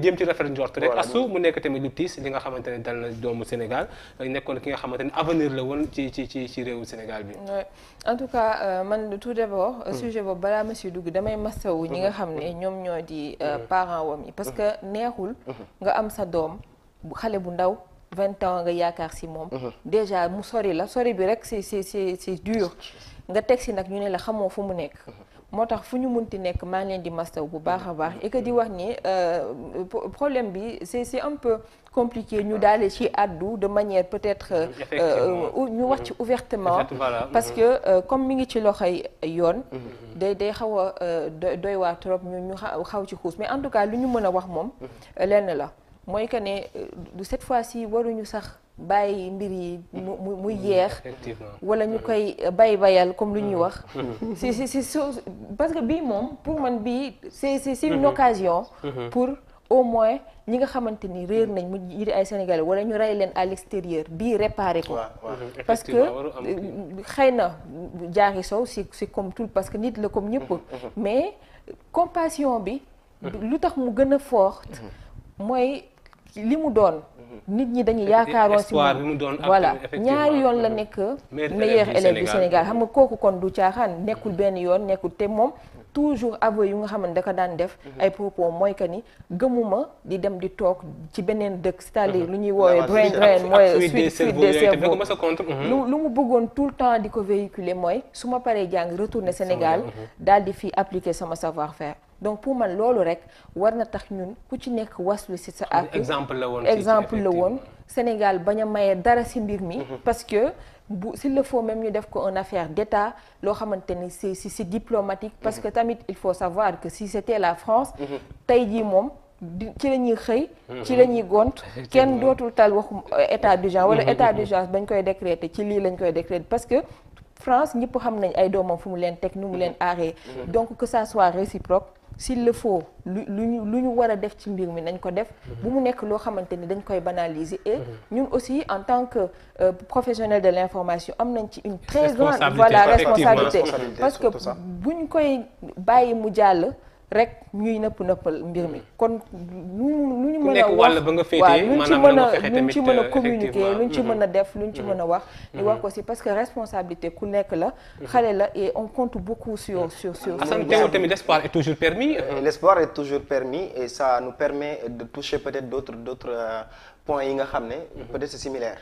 jéem ci rafet njort rek asu mu nekk tamit lu tiis li nga xamante ne dal na doomu Sénégal nekkoon ki nga xamante ne avenir la woon ci réewu Sénégal bi en tout cas euh, man tout d'abord euh, hmm. sujet boobu balaa monsieur dugg damay masawu ñi nga hmm. xam ne hmm. ñoom ñoo di euh, parents wam yi parce que neexul nga am sa doom xale bu ndaw vingt ans nga yaakaar si moom déjà mu sori la sori bi rek c'est c'est c'est dur nga teg si nag ñu ne la xamoo fu mu nekk moo tax fu ñu mun munti nekk maa ngi leen di mastaw bu baax a baax et que di wax ni euh, problème bi c'est c'est un peu compliqué ñu daale ci àddu de manière peut-être euh, euh, ñu wax ci mm-hmm. ouvertement parce mm-hmm. que comme mi ngi ci loxoy yoon mm-hmm. day day xaw a doy waa trop ñu ñu xaw ci xuus mais en tout cas lu ñu mën a wax moom lenn la mooy que ne du cette fois-ci waruñu sax bàyyi mbir yi mu mu muy yeex mm, wala ñu koy bay bayal comme lu ñuy mm. wax mm. si si parce que bii moom pour man bii c'est c'est une mm-hmm. occasion mm-hmm. pour au moins ñi nga xamante ni réer nañ mu ñi di ay Sénégalais wala ñu rey leen à l'extérieur bii réparé ko mm-hmm. parce que euh, xëy na jaari sow si si comme tout parce que nit la comme ñëpp mais compassion bi lu tax mu gën a fort mooy li mu doon mhm. nit ñi dañu yaakaaroon si moom voilà ñaari yoon la euh, nekk meilleur élève du Sénégal xam nga kooku kon du caaxaan nekkul benn yoon nekkul te moom toujours aveu yu nga xam ne da daan def mhm. ay propos mooy que ni gëmuma di dem di toog ci beneen dëkk cest mhm. lu ñuy woowee brain drain mooy fuite fuite des cerveaux lu mu bëggoon tout le temps di ko véhiculer mooy su ma paree jàng retourner Sénégal daal di fi appliquer sama savoir faire donc pour man loolu rek war na tax ñun ku ci nekk waslu si sa ak exemple la woon exemple la woon Sénégal bañ a maye dara si mbir mi mhm. parce que bu s'il le faut même ñu def ko une affaire d'état loo xamante ni c'est diplomatique parce mhm. que tamit il faut savoir que si c'était la France mhm. tey jii moom ci la ñuy xëy ci la ñuy gont kenn dootul tal waxu euh, état d'urgence wala état d'urgence bañ koy décréter ci lii lañ koy décréter parce que France ñëpp xam nañ ay doomam fu mu leen teg nu leen aaree donc que ça soit réciproque s'il le faut lu ñu lu ñu war a def ci mbir mi nañ ko def mhm. bu mu nekk loo xamante ni dañ koy banaliser et mhm. ñun aussi en tant que euh, professionnel de l'information am nañ ci une très grande voilà responsabilité parce que ñu koy bàyyi mu jàll rek ñuy nëpp nëppal mbir mi hmm. kon lu lu ñu mën a wax waaw lu ñu ci mën a lu ñu ci mën a communiquer lu ñu ci mën a def lu ñu ci mën a wax ñu hmm. wax ko si parce que responsabilité ku nekk la hmm. xale la et on compte beaucoup sur sur sur Assane teewul tamit l'espoir est toujours permis euh, l'espoir est toujours permis et ça nous permet de toucher peut-être d'autres d'autres euh, points yi nga xam ne peut-être c'est similaire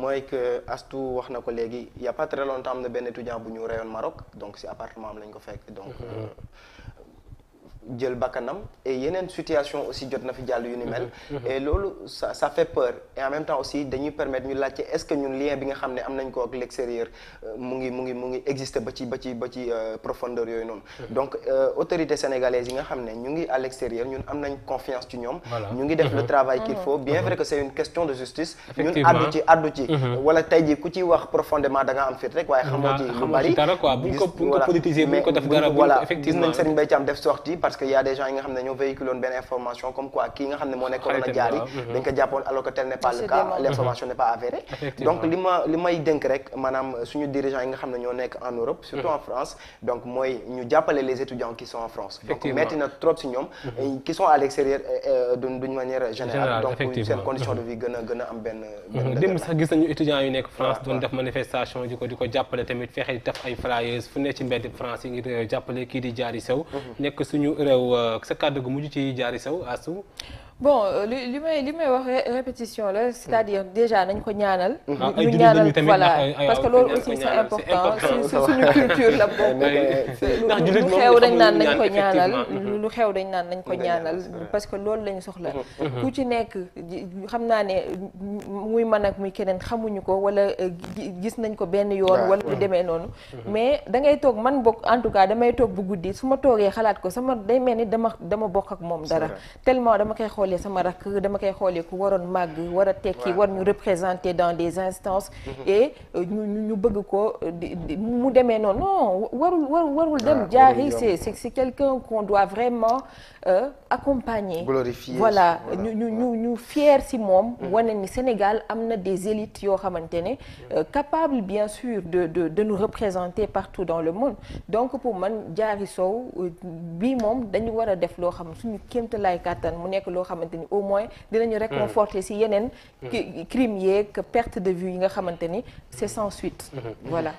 mooy que Astou wax na ko léegi il y a pas très longtemps am na benn étudiant bu ñu rayoon Maroc donc si appartement am lañ ko fekk donc euh, jël bakkanam et yeneen situation aussi jot na fi jàll yu ni mel mhm. Mhm. et loolu ça ça fait peur et en même temps aussi dañuy permettre ñu laajte est-ce que ñun lien bi nga xam ne am nañ ko ak l'extérieur euh, mu ngi mu ngi mu ngi exister ba ci euh, profondeur yooyu noonu mhm. donc euh, autorités sénégalaises yi nga xam ne ñu ngi à l'extérieur ñun am nañ confiance ci ñoom ñu ngi def le travail qu'il faut bien vrai que c'est une question de justice ñun addu ci addu ci wala tey ji ku que y a des gens yi nga xam ne ñoo véhiculé woon benn information comme quoi kii nga xam ne moo nekkoon a jaari dañ ko jàppoon que tel n'est pas le cas l'information n'est pas avérée donc ma li may dénk rek maanaam suñu dirigeants yi nga xam mm. mooy ñu jàppale les étudiants qui sont en France donc mm-hmm. euh, euh, manière générale donc seen condition de vie gën a am benn mm-hmm. démb sax gis nañu étudiants yu nekk France doon def manifestation di ko jàppale tamit fexe def ay flyers fu ne ci mbedd France yi ngir euh, jàppale kii di jaari réew euh, sa kàddu gu mujj ci jaari saw asu bon euh, li li may li may wax répétition la c'est-à-dire mm. déjà nañ ko ñaanal. Mm-hmm. ñu ah, ñaanal voilà parce que ah, loolu aussi c'est important si suñu culture la bokk. lu xew dañ naan nañ ko ñaanal lu xew dañ naan nañ ko ñaanal parce que loolu lañ soxla. Mm-hmm. ku ci nekk xam naa ne muy man ak muy keneen xamuñu ko wala euh, gis nañ ko benn yoon. wala lu mm-hmm. demee noonu. mais dangay toog man bokk en tout cas damay toog bu guddi su ma toogee xalaat ko sama day mel ni dama dama bokk ak moom dara telement dama koy xool xoolee sama rakk dama koy xoolee ku waroon màgg war a tekki war ñu représenter dans des instances mm-hmm. et euh, ñu ñu bëgg ko mu demee noonu non warul warul warul dem ah, jaari c'est c'est c'est quelqu'un qu'on doit vraiment euh, accompagner glorifier voilà ñu ñu ñu ñu fier si moom mm-hmm. wane ni Sénégal am na des élites yoo xamante ne mm-hmm. euh, capable bien sur de de de nous représenter partout dans le monde donc pour man jaari sow bii moom dañu war a def loo xam suñu kéemtalaay kàttan mu nekk loo xam xamante ni au moins dinañu hmm. réconforter si yeneen hmm. crime yeeg perte de vue yi nga xamante ni c'est sans suite hmm. voilà